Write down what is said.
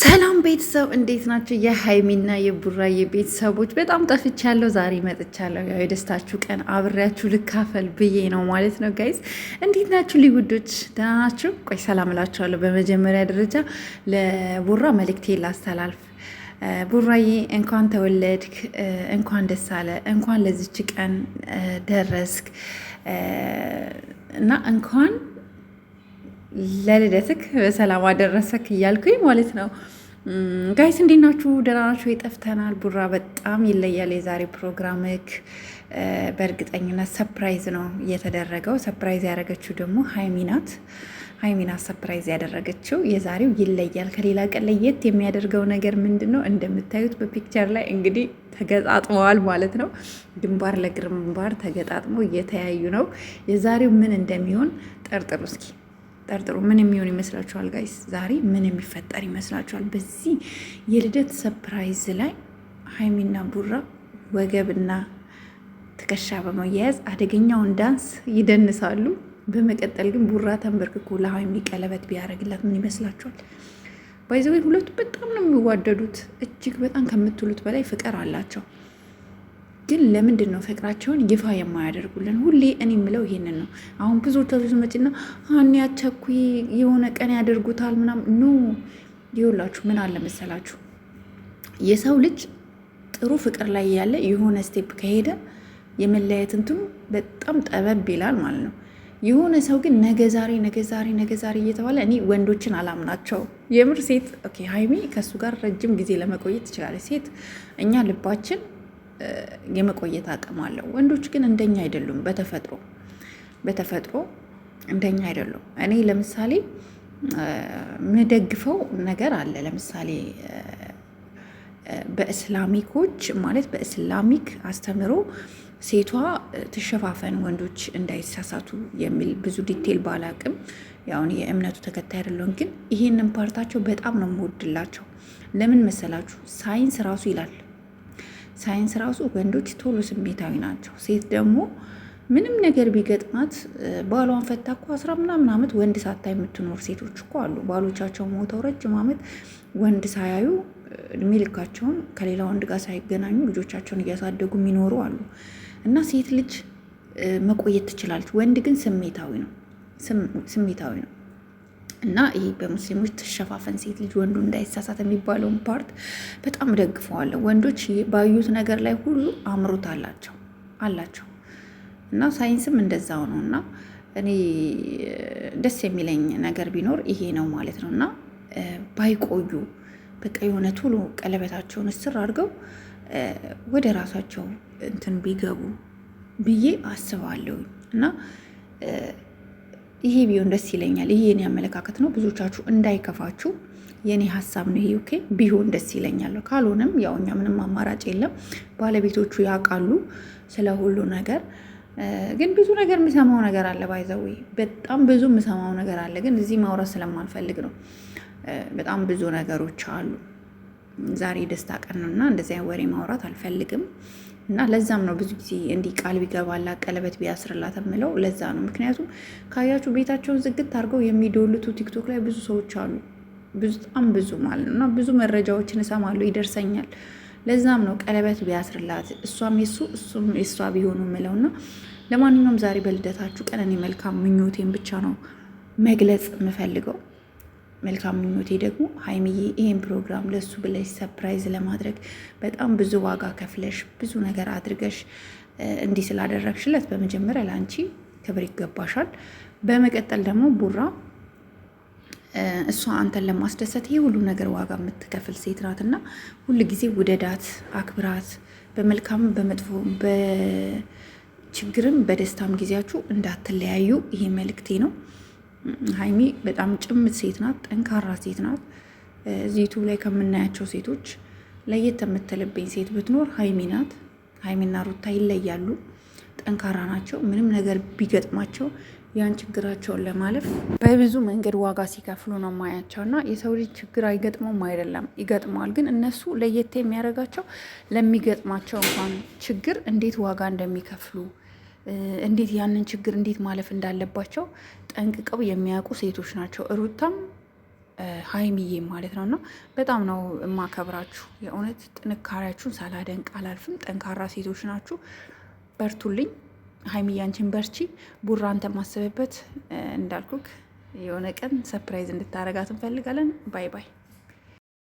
ሰላም ቤተሰብ እንዴት ናቸው? የሀይሚና የቡራዬ ቤተሰቦች በጣም ጠፍቻለሁ። ዛሬ መጥቻለሁ። ያው የደስታችሁ ቀን አብሬያችሁ ልካፈል ብዬ ነው ማለት ነው። ጋይዝ እንዴት ናችሁ? ሊውዶች ደህና ናችሁ? ቆይ ሰላም እላችኋለሁ። በመጀመሪያ ደረጃ ለቡራ መልእክቴ ላስተላልፍ። ቡራዬ እንኳን ተወለድክ፣ እንኳን ደስ አለ፣ እንኳን ለዚች ቀን ደረስክ እና እንኳን ለልደትክ በሰላም አደረሰክ እያልኩኝ ማለት ነው። ጋይስ እንዴት ናችሁ? ደህና ናችሁ? ይጠፍተናል። ቡራ በጣም ይለያል የዛሬ ፕሮግራምክ። በእርግጠኝነት ሰፕራይዝ ነው እየተደረገው። ሰፕራይዝ ያደረገችው ደግሞ ሀይሚ ናት። ሀይሚ ናት ሰፕራይዝ ያደረገችው። የዛሬው ይለያል። ከሌላ ቀን ለየት የሚያደርገው ነገር ምንድን ነው? እንደምታዩት በፒክቸር ላይ እንግዲህ ተገጣጥመዋል ማለት ነው። ግንባር ለግንባር ተገጣጥመው እየተያዩ ነው። የዛሬው ምን እንደሚሆን ጠርጥሩ እስኪ ጠርጥሩ። ምን የሚሆን ይመስላችኋል ጋይስ? ዛሬ ምን የሚፈጠር ይመስላችኋል? በዚህ የልደት ሰፕራይዝ ላይ ሀይሚና ቡራ ወገብና ትከሻ በመያያዝ አደገኛውን ዳንስ ይደንሳሉ። በመቀጠል ግን ቡራ ተንበርክኮ ለሀይሚ ቀለበት ቢያደርግላት ምን ይመስላችኋል? ባይዘዌ ሁለቱ በጣም ነው የሚዋደዱት። እጅግ በጣም ከምትሉት በላይ ፍቅር አላቸው። ግን ለምንድን ነው ፍቅራቸውን ይፋ የማያደርጉልን? ሁሌ እኔ የምለው ይሄንን ነው። አሁን ብዙ ተብዙ መጭና ሀኒ ያቸኩ የሆነ ቀን ያደርጉታል ምናምን ኖ ይውላችሁ ምን አለ መሰላችሁ የሰው ልጅ ጥሩ ፍቅር ላይ ያለ የሆነ ስቴፕ ከሄደ የመለያየት እንትኑ በጣም ጠበብ ይላል ማለት ነው። የሆነ ሰው ግን ነገ ዛሬ ነገ ዛሬ ነገ ዛሬ እየተባለ እኔ ወንዶችን አላምናቸው። የምር ሴት ኦኬ፣ ሀይሚ ከእሱ ጋር ረጅም ጊዜ ለመቆየት ትችላለች። ሴት እኛ ልባችን የመቆየት አቅም አለው። ወንዶች ግን እንደኛ አይደሉም። በተፈጥሮ በተፈጥሮ እንደኛ አይደሉም። እኔ ለምሳሌ የምደግፈው ነገር አለ። ለምሳሌ በእስላሚኮች ማለት በእስላሚክ አስተምህሮ ሴቷ ትሸፋፈን ወንዶች እንዳይሳሳቱ የሚል ብዙ ዲቴል ባላቅም፣ ያሁን የእምነቱ ተከታይ አይደለሁም፣ ግን ይህንን ፓርታቸው በጣም ነው የምወድላቸው። ለምን መሰላችሁ? ሳይንስ ራሱ ይላል ሳይንስ ራሱ ወንዶች ቶሎ ስሜታዊ ናቸው። ሴት ደግሞ ምንም ነገር ቢገጥማት ባሏን ፈታ እኮ አስራ ምናምን ዓመት ወንድ ሳታይ የምትኖር ሴቶች እኮ አሉ። ባሎቻቸው ሞተው ረጅም ዓመት ወንድ ሳያዩ እድሜ ልካቸውን ከሌላ ወንድ ጋር ሳይገናኙ ልጆቻቸውን እያሳደጉ የሚኖሩ አሉ። እና ሴት ልጅ መቆየት ትችላለች። ወንድ ግን ስሜታዊ ነው ስሜታዊ ነው። እና ይሄ በሙስሊሞች ትሸፋፈን ሴት ልጅ ወንዱ እንዳይሳሳት የሚባለውን ፓርት በጣም ደግፈዋለሁ። ወንዶች ባዩት ነገር ላይ ሁሉ አምሮት አላቸው አላቸው እና ሳይንስም እንደዛው ነው እና እኔ ደስ የሚለኝ ነገር ቢኖር ይሄ ነው ማለት ነው እና ባይቆዩ በቃ የሆነ ቶሎ ቀለበታቸውን እስር አድርገው ወደ ራሳቸው እንትን ቢገቡ ብዬ አስባለሁ እና ይሄ ቢሆን ደስ ይለኛል። ይሄ የኔ አመለካከት ነው። ብዙዎቻችሁ እንዳይከፋችሁ የኔ ሀሳብ ነው። ይሄ ኦኬ ቢሆን ደስ ይለኛል። ካልሆነም ያው እኛ ምንም አማራጭ የለም። ባለቤቶቹ ያውቃሉ ስለ ሁሉ ነገር። ግን ብዙ ነገር የምሰማው ነገር አለ፣ ባይዘዊ በጣም ብዙ የምሰማው ነገር አለ። ግን እዚህ ማውራት ስለማልፈልግ ነው። በጣም ብዙ ነገሮች አሉ። ዛሬ ደስታ ቀን ነው እና እንደዚያ ወሬ ማውራት አልፈልግም እና ለዛም ነው ብዙ ጊዜ እንዲህ ቃል ቢገባላት ቀለበት ቢያስርላት የምለው ለዛ ነው። ምክንያቱም ካያችሁ ቤታቸውን ዝግት አድርገው የሚዶልቱ ቲክቶክ ላይ ብዙ ሰዎች አሉ፣ በጣም ብዙ ማለት ነው እና ብዙ መረጃዎችን እሰማለሁ፣ ይደርሰኛል። ለዛም ነው ቀለበት ቢያስርላት እሷም የሱ እሱም የሷ ቢሆኑ የምለው እና ለማንኛውም ዛሬ በልደታችሁ ቀን እኔ መልካም ምኞቴን ብቻ ነው መግለጽ የምፈልገው። መልካም ምኞቴ ደግሞ ሀይሚዬ ይሄን ፕሮግራም ለሱ ብለሽ ሰፕራይዝ ለማድረግ በጣም ብዙ ዋጋ ከፍለሽ ብዙ ነገር አድርገሽ እንዲህ ስላደረግሽለት በመጀመሪያ ለአንቺ ክብር ይገባሻል። በመቀጠል ደግሞ ቡራ እሷ አንተን ለማስደሰት ይህ ሁሉ ነገር ዋጋ የምትከፍል ሴት ናት እና ሁል ጊዜ ውደዳት፣ አክብራት። በመልካም በመጥፎ በችግርም በደስታም ጊዜያችሁ እንዳትለያዩ ይሄ መልእክቴ ነው። ሀይሚ በጣም ጭምት ሴት ናት፣ ጠንካራ ሴት ናት። እዚህ ዩቱብ ላይ ከምናያቸው ሴቶች ለየት የምትልብኝ ሴት ብትኖር ሀይሚ ናት። ሀይሚና ሩታ ይለያሉ። ጠንካራ ናቸው። ምንም ነገር ቢገጥማቸው ያን ችግራቸውን ለማለፍ በብዙ መንገድ ዋጋ ሲከፍሉ ነው ማያቸው እና የሰው ልጅ ችግር አይገጥመውም አይደለም፣ ይገጥመዋል። ግን እነሱ ለየት የሚያደርጋቸው ለሚገጥማቸው እንኳን ችግር እንዴት ዋጋ እንደሚከፍሉ እንዴት ያንን ችግር እንዴት ማለፍ እንዳለባቸው ጠንቅቀው የሚያውቁ ሴቶች ናቸው። ሩታም ሀይሚዬ ማለት ነው እና በጣም ነው የማከብራችሁ። የእውነት ጥንካሬያችሁን ሳላደንቅ አላልፍም። ጠንካራ ሴቶች ናችሁ። በርቱልኝ። ሀይሚዬ አንቺን በርቺ። ቡራ አንተ ማስብበት እንዳልኩክ የሆነ ቀን ሰፕራይዝ እንድታረጋት እንፈልጋለን። ባይ ባይ።